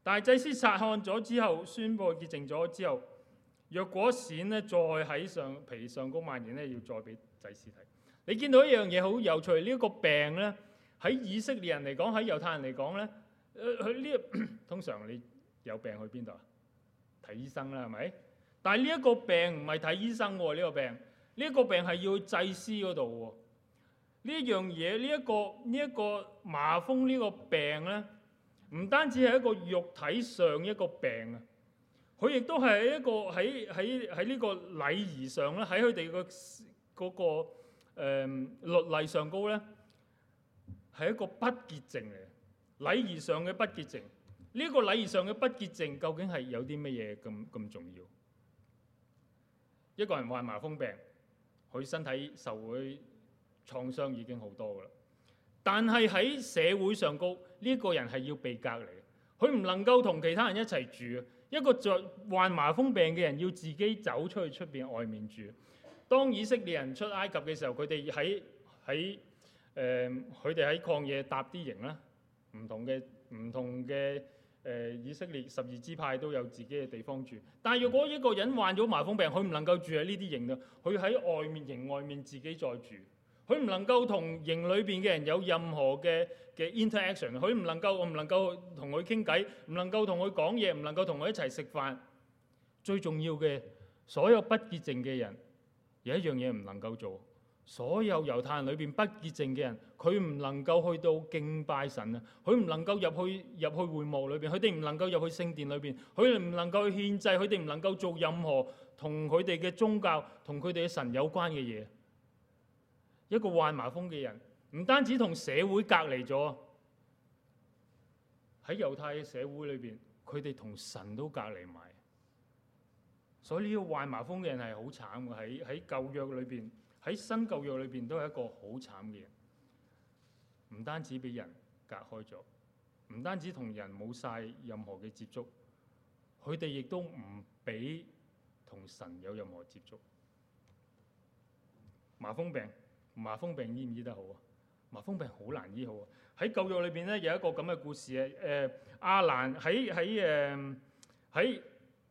但係祭司察看咗之後，宣布潔淨咗之後，若果癬咧再喺上皮上高蔓延咧，要再俾祭司睇。你見到一樣嘢好有趣，呢、這個病咧。喺以色列人嚟講，喺猶太人嚟講咧，誒去呢？通常你有病去邊度啊？睇醫生啦，係咪？但係呢一個病唔係睇醫生喎，呢、呢個病，呢、呢、一個病係要去祭司嗰度喎。呢一樣嘢，呢、呢、一個呢一、呢個麻風呢個病咧，唔單止係一個肉體上一個病啊，佢亦都係一個喺喺喺呢個禮儀上咧，喺佢哋個嗰個誒律例上高咧。係一個不潔淨嚟嘅，禮儀上嘅不潔淨。呢個禮儀上嘅不潔淨究竟係有啲乜嘢咁咁重要？一個人患麻風病，佢身體受會創傷已經好多噶啦。但係喺社會上高呢個人係要被隔離，佢唔能夠同其他人一齊住。一個著患麻風病嘅人要自己走出去出邊外面住。當以色列人出埃及嘅時候，佢哋喺喺誒、嗯，佢哋喺曠野搭啲營啦，唔同嘅唔同嘅誒、呃，以色列十二支派都有自己嘅地方住。但如果一個人患咗麻風病，佢唔能夠住喺呢啲營度，佢喺外面營外面自己再住。佢唔能夠同營裏邊嘅人有任何嘅嘅 interaction，佢唔能夠我唔能夠同佢傾偈，唔能夠同佢講嘢，唔能夠同佢一齊食飯。最重要嘅，所有不潔淨嘅人有一樣嘢唔能夠做。所有猶太人裏邊不潔淨嘅人，佢唔能夠去到敬拜神啊！佢唔能夠入去入去會幕裏邊，佢哋唔能夠入去聖殿裏邊，佢哋唔能夠去獻祭，佢哋唔能夠做任何同佢哋嘅宗教同佢哋嘅神有關嘅嘢。一個患麻風嘅人，唔單止同社會隔離咗，喺猶太嘅社會裏邊，佢哋同神都隔離埋。所以呢個患麻風嘅人係好慘嘅，喺喺舊約裏邊。喺新舊約裏邊都係一個好慘嘅人，唔單止俾人隔開咗，唔單止同人冇晒任何嘅接觸，佢哋亦都唔俾同神有任何接觸。麻風病，麻風病醫唔醫得好啊？麻風病好難醫好啊！喺舊約裏邊咧有一個咁嘅故事嘅，誒亞蘭喺喺誒喺。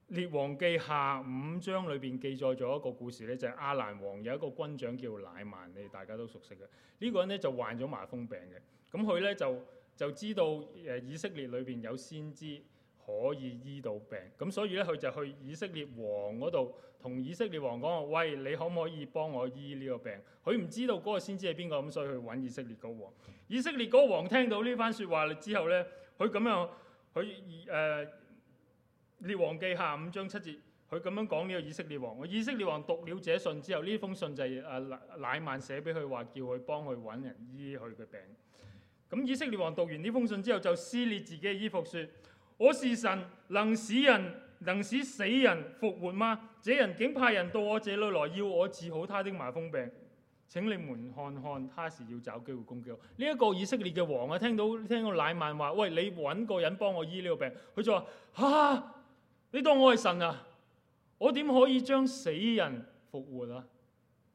列王記下五章裏邊記載咗一個故事咧，就係、是、亞蘭王有一個軍長叫乃曼，你哋大家都熟悉嘅。呢、這個人咧就患咗麻風病嘅，咁佢咧就就知道誒以色列裏邊有先知可以醫到病，咁所以咧佢就去以色列王嗰度同以色列王講，喂，你可唔可以幫我醫呢個病？佢唔知道嗰個先知係邊個，咁所以去揾以色列嗰個王。以色列嗰個王聽到呢番説話之後咧，佢咁樣佢誒。他呃列王記下五章七節，佢咁樣講呢個以色列王。以色列王讀了這信之後，呢封信就係、是、阿、啊、乃曼寫俾佢，話叫佢幫佢搵人醫佢嘅病。咁以色列王讀完呢封信之後，就撕裂自己嘅衣服，說：我是神，能使人能使死人復活嗎？這人竟派人到我這裏來，要我治好他的麻風病。請你們看看，他是要找機會攻擊我。呢、這、一個以色列嘅王啊，聽到聽到乃曼話，喂，你搵個人幫我醫呢個病，佢就話：哈、啊。」你當我係神啊？我點可以將死人復活啊？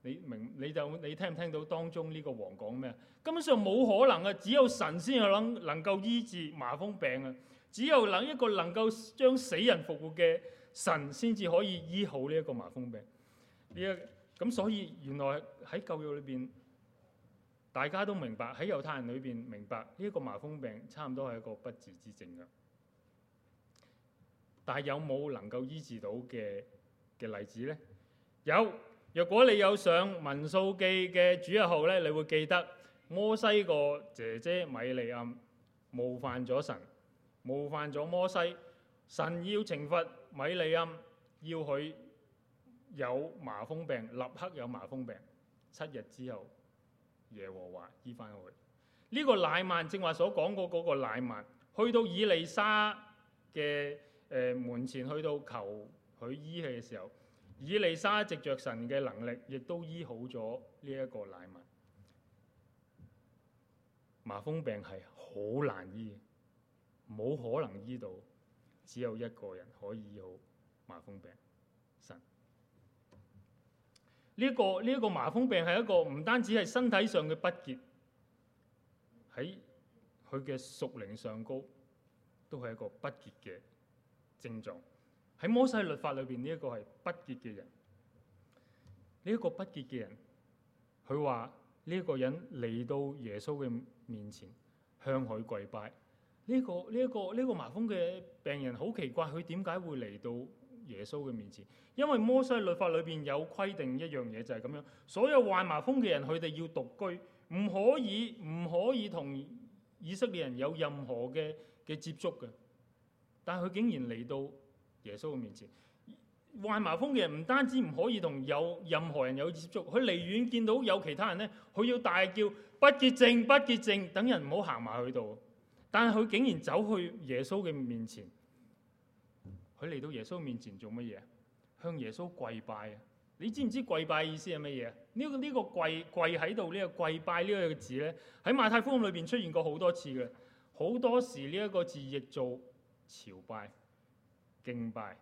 你明你就你聽唔聽到當中呢個王講咩？根本上冇可能啊！只有神先有能能夠醫治麻風病啊！只有能一個能夠將死人復活嘅神，先至可以醫好呢一個麻風病。呢一，咁所以原來喺舊約裏邊，大家都明白，喺猶太人裏邊明白呢一個麻風病差唔多係一個不治之症嘅。但係有冇能夠醫治到嘅嘅例子呢？有，若果你有上《民數記》嘅主日號呢，你會記得摩西個姐姐米利暗冒犯咗神，冒犯咗摩西，神要懲罰米利暗，要佢有麻風病，立刻有麻風病，七日之後耶和華醫翻去。呢、這個乃縵正話所講過嗰個乃縵，去到以利沙嘅。誒、呃、門前去到求佢醫嘅時候，以利沙一直着神嘅能力，亦都醫好咗呢一個乃縵。麻風病係好難醫嘅，冇可能醫到，只有一個人可以醫好麻風病。神，呢一個呢一個麻風病係一個唔單止係身體上嘅不潔，喺佢嘅屬靈上高都係一個不潔嘅。症狀喺摩西律法裏邊呢一個係不潔嘅人，呢、呢、一個不潔嘅人，佢話呢一個人嚟到耶穌嘅面前向佢跪拜。呢、呢個呢一、呢個呢、呢個麻風嘅病人好奇怪，佢點解會嚟到耶穌嘅面前？因為摩西律法裏邊有規定一樣嘢就係咁樣，所有患麻風嘅人佢哋要獨居，唔可以唔可以同以色列人有任何嘅嘅接觸嘅。但係佢竟然嚟到耶穌嘅面前，患麻風嘅人唔單止唔可以同有任何人有接觸，佢離遠見到有其他人呢，佢要大叫不潔淨，不潔淨，等人唔好行埋去度。但係佢竟然走去耶穌嘅面前，佢嚟到耶穌面前做乜嘢？向耶穌跪拜啊！你知唔知跪拜意思係乜嘢？呢個呢個跪跪喺度呢個跪拜呢個字呢，喺馬太福音裏邊出現過好多次嘅，好多時呢一個字亦做。朝拜、敬拜，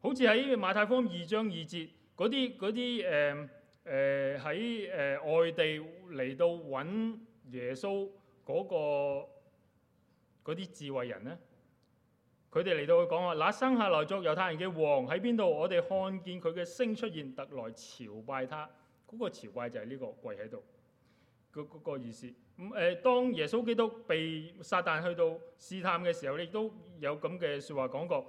好似喺馬太福音二章二節嗰啲嗰啲誒誒喺誒外地嚟到揾耶穌嗰啲智慧人咧，佢哋嚟到講話，嗱生下來作猶太人嘅王喺邊度？我哋看見佢嘅星出現，特來朝拜他。嗰個朝拜就係呢個跪喺度，嗰嗰個意思。咁誒，當耶穌基督被撒但去到試探嘅時候，亦都有咁嘅説話講過。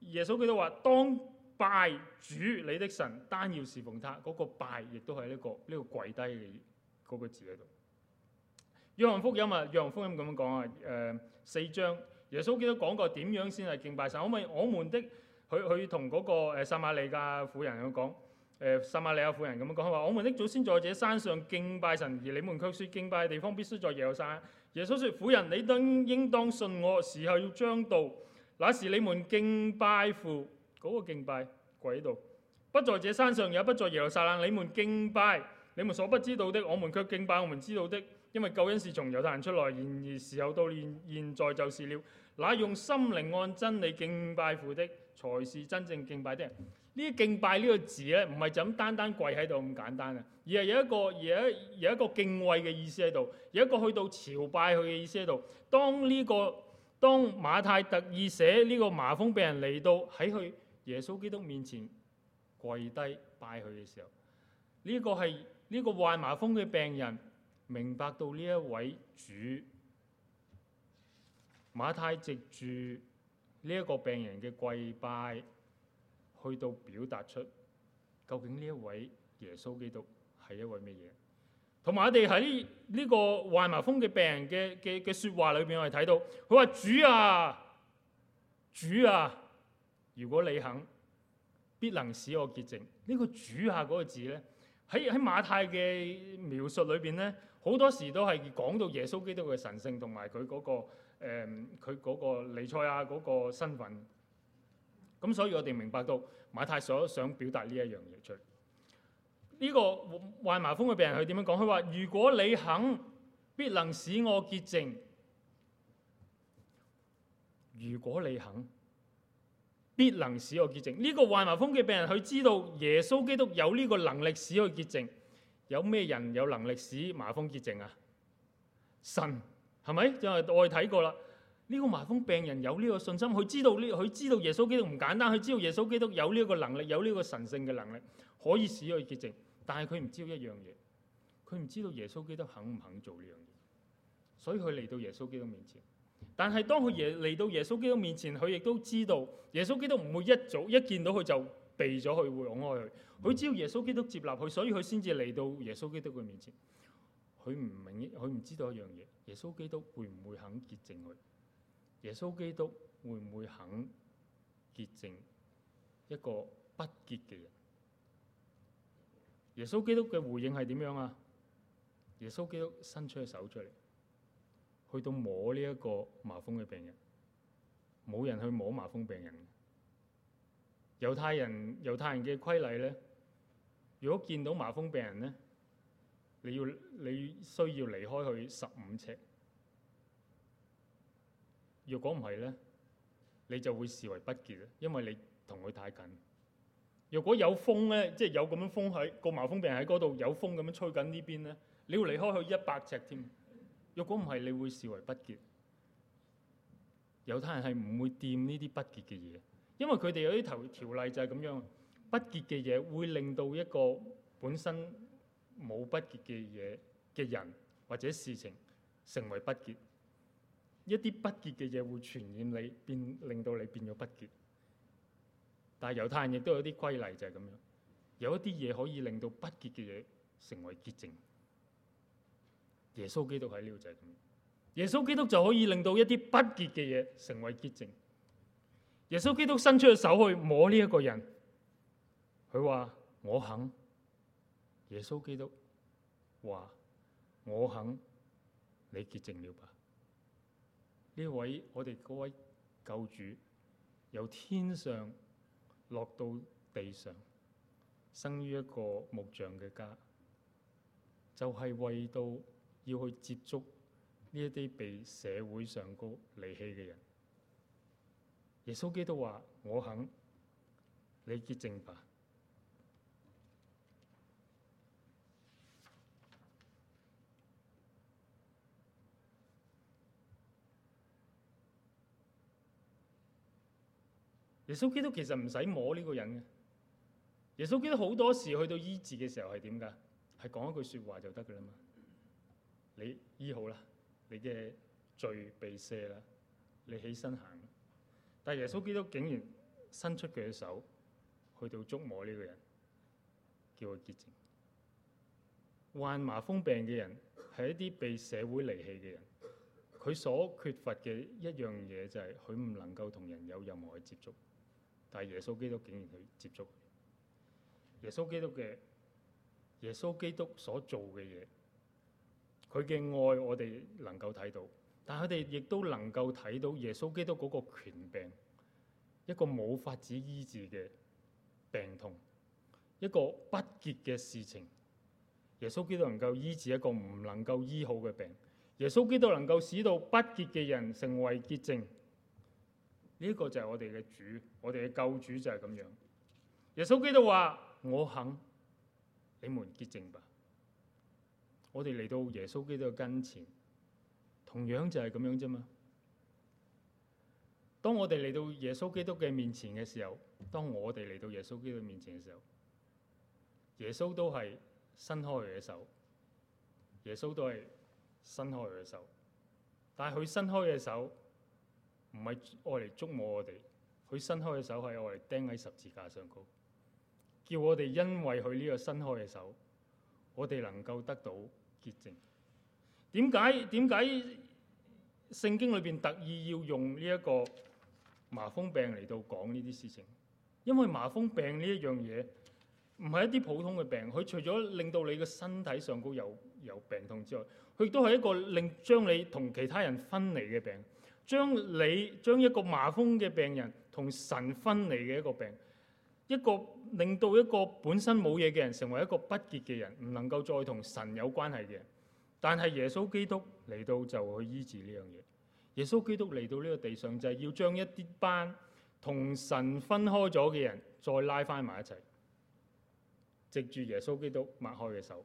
耶穌基督話：當拜主你的神，單要侍奉他。嗰、那個拜亦都係呢、這個呢、這個跪低嘅嗰個字喺度。約翰福音啊，約翰福音咁樣講啊，誒、呃、四章，耶穌基督講過點樣先係敬拜神？可唔可以我們的，佢佢同嗰個誒撒瑪利亞婦人去講。誒撒瑪利亞婦人咁樣講，佢話：我們的祖先在這山上敬拜神，而你們卻説敬拜嘅地方必須在耶路撒冷。耶穌説：婦人，你等應當信我，時候要將到。」那時你們敬拜父，嗰、那個敬拜跪道。不在這山上，也不在耶路撒冷。你們敬拜，你們所不知道的，我們卻敬拜我們知道的，因為救恩是從猶太人出來，然而時候到現現在就是了。那用心靈按真理敬拜父的，才是真正敬拜的人。呢啲敬拜呢個字咧，唔係就咁單單跪喺度咁簡單啊，而係有一個而一一個敬畏嘅意思喺度，有一個去到朝拜佢嘅意思喺度。當呢個當馬太特意寫呢個麻風病人嚟到喺佢耶穌基督面前跪低拜佢嘅時候，呢個係呢個患麻風嘅病人明白到呢一位主，馬太藉住呢一個病人嘅跪拜。去到表達出究竟呢一位耶穌基督係一位乜嘢？同埋我哋喺呢個患麻風嘅病人嘅嘅嘅説話裏邊，我哋睇到佢話：主啊，主啊，如果你肯，必能使我潔淨。呢、這個主下、啊、嗰個字呢，喺喺馬太嘅描述裏邊呢，好多時候都係講到耶穌基督嘅神性同埋佢嗰個佢嗰、嗯、個彌賽亞嗰個身份。咁所以我哋明白到馬太所想表達呢一樣嘢出嚟。呢個患麻風嘅病人佢點樣講？佢話：如果你肯，必能使我潔淨。如果你肯，必能使我潔淨。呢個患麻風嘅病人佢知道耶穌基督有呢個能力使佢潔淨。有咩人有能力使麻風潔淨啊？神係咪？就係我哋睇過啦。呢個麻風病人有呢個信心，佢知道呢，佢知道耶穌基督唔簡單，佢知道耶穌基督有呢個能力，有呢個神性嘅能力可以使佢潔淨。但係佢唔知道一樣嘢，佢唔知道耶穌基督肯唔肯做呢樣嘢，所以佢嚟到耶穌基督面前。但係當佢嚟到耶穌基督面前，佢亦都知道耶穌基督唔會一早一見到佢就避咗佢，會躲開佢。佢知道耶穌基督接納佢，所以佢先至嚟到耶穌基督嘅面前。佢唔明，佢唔知道一樣嘢，耶穌基督會唔會肯潔淨佢？耶穌基督會唔會肯潔淨一個不潔嘅人？耶穌基督嘅回應係點樣啊？耶穌基督伸出隻手出嚟，去到摸呢一個麻風嘅病人，冇人去摸麻風病人。猶太人，猶太人嘅規例咧，如果見到麻風病人咧，你要，你需要離開佢十五尺。如果唔係呢，你就會視為不潔，因為你同佢太近。如果有風呢，即係有咁樣風喺個麻風病人喺嗰度，有風咁樣吹緊呢邊呢，你要離開佢一百尺添。若果唔係，你會視為不潔。猶太人係唔會掂呢啲不潔嘅嘢，因為佢哋有啲條條例就係咁樣，不潔嘅嘢會令到一個本身冇不潔嘅嘢嘅人或者事情成為不潔。一啲不潔嘅嘢會傳染你，變令到你變咗不潔。但係猶太人亦都有啲規例就係咁樣，有一啲嘢可以令到不潔嘅嘢成為潔淨。耶穌基督喺呢度就係咁，耶穌基督就可以令到一啲不潔嘅嘢成為潔淨。耶穌基督伸出個手去摸呢一個人，佢話我肯。耶穌基督話我肯，你潔淨了吧？呢位我哋嗰位救主由天上落到地上，生於一個木匠嘅家，就係、是、為到要去接觸呢一啲被社會上高離棄嘅人。耶穌基督話，我肯，你潔淨吧。耶穌基督其實唔使摸呢個人嘅。耶穌基督好多時去到醫治嘅時候係點㗎？係講一句說話就得㗎啦嘛。你醫好啦，你嘅罪被赦啦，你起身行。但耶穌基督竟然伸出佢嘅手，去到捉摸呢個人，叫佢潔淨。患麻風病嘅人係一啲被社會離棄嘅人，佢所缺乏嘅一樣嘢就係佢唔能夠同人有任何嘅接觸。但耶穌基督竟然去接觸耶穌基督嘅耶穌基督所做嘅嘢，佢嘅愛我哋能夠睇到，但係佢哋亦都能夠睇到耶穌基督嗰個權柄，一個冇法子醫治嘅病痛，一個不潔嘅事情。耶穌基督能夠醫治一個唔能夠醫好嘅病，耶穌基督能夠使到不潔嘅人成為潔淨。呢個就係我哋嘅主，我哋嘅救主就係咁樣。耶穌基督話：我肯，你們潔淨吧。我哋嚟到耶穌基督嘅跟前，同樣就係咁樣啫嘛。當我哋嚟到耶穌基督嘅面前嘅時候，當我哋嚟到耶穌基督的面前嘅時候，耶穌都係伸開佢嘅手，耶穌都係伸開佢嘅手，但係佢伸開嘅手。唔係愛嚟捉摸我哋，佢伸開嘅手係愛嚟釘喺十字架上高，叫我哋因為佢呢個伸開嘅手，我哋能夠得到潔淨。點解？點解？聖經裏邊特意要用呢一個麻風病嚟到講呢啲事情？因為麻風病呢一樣嘢，唔係一啲普通嘅病。佢除咗令到你嘅身體上高有有病痛之外，佢亦都係一個令將你同其他人分離嘅病。將你將一個麻風嘅病人同神分離嘅一個病，一個令到一個本身冇嘢嘅人成為一個不潔嘅人，唔能夠再同神有關係嘅。但係耶穌基督嚟到就會去醫治呢樣嘢。耶穌基督嚟到呢個地上就係要將一啲班同神分開咗嘅人再拉翻埋一齊，藉住耶穌基督擘開嘅手，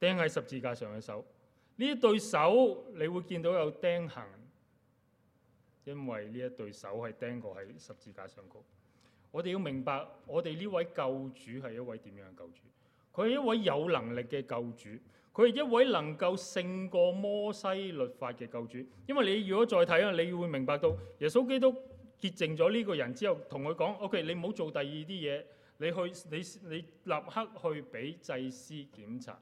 釘喺十字架上嘅手。呢對手你會見到有釘痕。因為呢一對手係釘過喺十字架上高，我哋要明白，我哋呢位救主係一位點樣嘅救主？佢係一位有能力嘅救主，佢係一位能夠勝過摩西律法嘅救主。因為你如果再睇啊，你會明白到耶穌基督潔淨咗呢個人之後，同佢講：OK，你唔好做第二啲嘢，你去你你立刻去俾祭司檢查，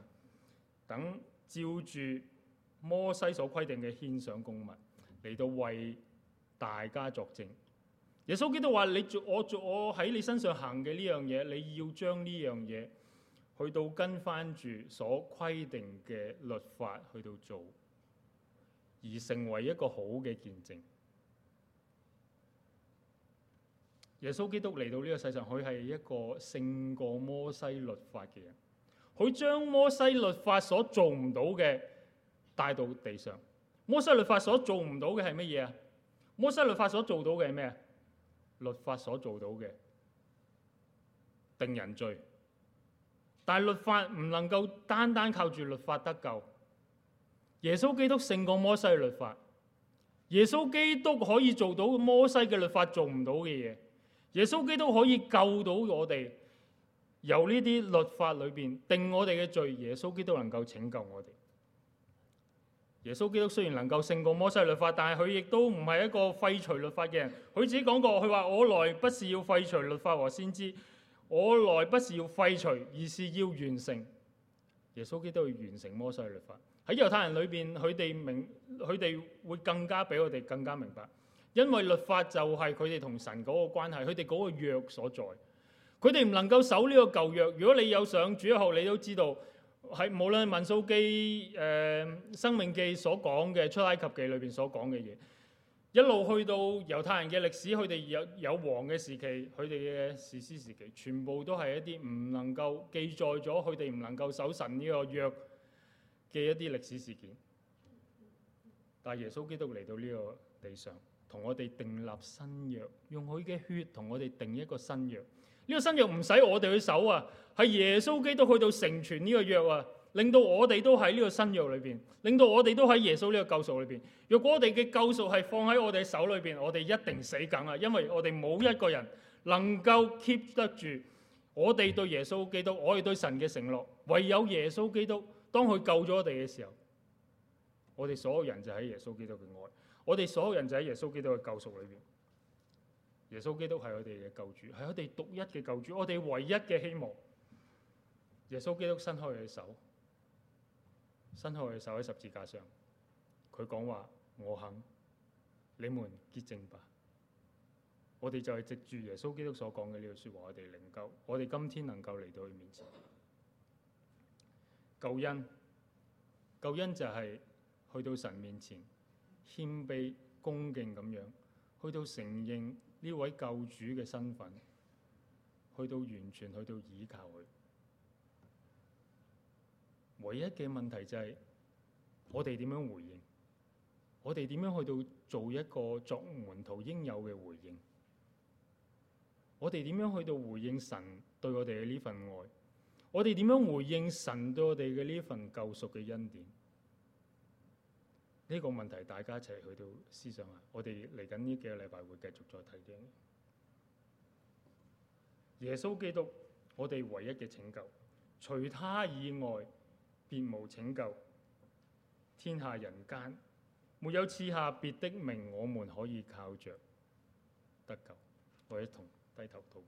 等照住摩西所規定嘅獻上供物嚟到為大家作證，耶穌基督話：你做我做我喺你身上行嘅呢樣嘢，你要將呢樣嘢去到跟返住所規定嘅律法去到做，而成為一個好嘅見證。耶穌基督嚟到呢個世上，佢係一個勝過摩西律法嘅人，佢將摩西律法所做唔到嘅帶到地上。摩西律法所做唔到嘅係乜嘢啊？摩西律法所做到嘅係咩？律法所做到嘅定人罪，但係律法唔能夠單單靠住律法得救。耶穌基督勝過摩西律法，耶穌基督可以做到摩西嘅律法做唔到嘅嘢，耶穌基督可以救到我哋由呢啲律法裏邊定我哋嘅罪，耶穌基督能夠拯救我哋。耶穌基督雖然能夠勝過摩西律法，但係佢亦都唔係一個廢除律法嘅人。佢自己講過，佢話：我來不是要廢除律法和先知，我來不是要廢除，而是要完成。耶穌基督要完成摩西律法。喺猶太人裏面，佢哋明，佢哋會更加畀我哋更加明白，因為律法就係佢哋同神嗰個關係，佢哋嗰個約所在。佢哋唔能夠守呢個舊約。如果你有上主學，你都知道。係無論民數記、誒、呃、申命記所講嘅出埃及記裏邊所講嘅嘢，一路去到猶太人嘅歷史，佢哋有有王嘅時期，佢哋嘅士師時期，全部都係一啲唔能夠記載咗，佢哋唔能夠守神呢個約嘅一啲歷史事件。但係耶穌基督嚟到呢個地上，同我哋訂立新約，用佢嘅血同我哋定一個新約。呢個新約唔使我哋去守啊，係耶穌基督去到成全呢個約啊，令到我哋都喺呢個新約裏邊，令到我哋都喺耶穌呢個救贖裏邊。若果我哋嘅救贖係放喺我哋嘅手裏邊，我哋一定死梗啊！因為我哋冇一個人能夠 keep 得住我哋對耶穌基督，我哋對神嘅承諾。唯有耶穌基督當佢救咗我哋嘅時候，我哋所有人就喺耶穌基督嘅愛，我哋所有人就喺耶穌基督嘅救贖裏邊。耶穌基督係我哋嘅救主，係我哋獨一嘅救主，我哋唯一嘅希望。耶穌基督伸開佢嘅手，伸開佢嘅手喺十字架上。佢講話：我肯，你們潔淨吧。我哋就係藉住耶穌基督所講嘅呢句説話，我哋能夠，我哋今天能夠嚟到佢面前。救恩，救恩就係、是、去到神面前，謙卑恭敬咁樣去到承認。呢位救主嘅身份，去到完全去到倚靠佢，唯一嘅問題就係我哋點樣回應？我哋點樣去到做一個作門徒應有嘅回應？我哋點樣去到回應神對我哋嘅呢份愛？我哋點樣回應神對我哋嘅呢份救贖嘅恩典？呢、這個問題大家一齊去到思想下，我哋嚟緊呢幾個禮拜會繼續再睇啲。耶穌基督，我哋唯一嘅拯救，除他以外，別無拯救。天下人間沒有賜下別的名，我們可以靠着得救。我一同低頭禱告。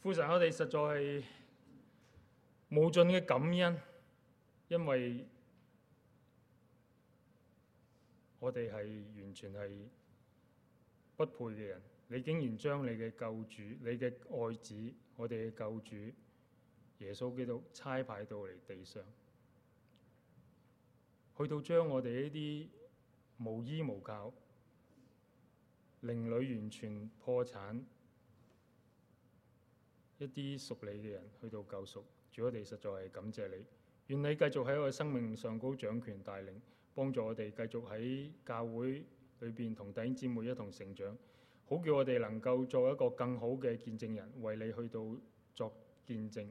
父、嗯、神，我哋實在係無盡嘅感恩。因為我哋係完全係不配嘅人，你竟然將你嘅救主、你嘅愛子、我哋嘅救主耶穌基督差派到嚟地上，去到將我哋呢啲無依無靠、靈裡完全破產、一啲屬你嘅人去到救贖，主，我哋實在係感謝你。願你繼續喺我生命上高掌權帶領，幫助我哋繼續喺教會裏邊同弟兄姊妹一同成長，好叫我哋能夠做一個更好嘅見證人，為你去到作見證，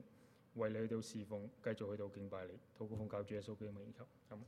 為你去到侍奉，繼續去到敬拜你。禱告奉主耶穌嘅名，阿門。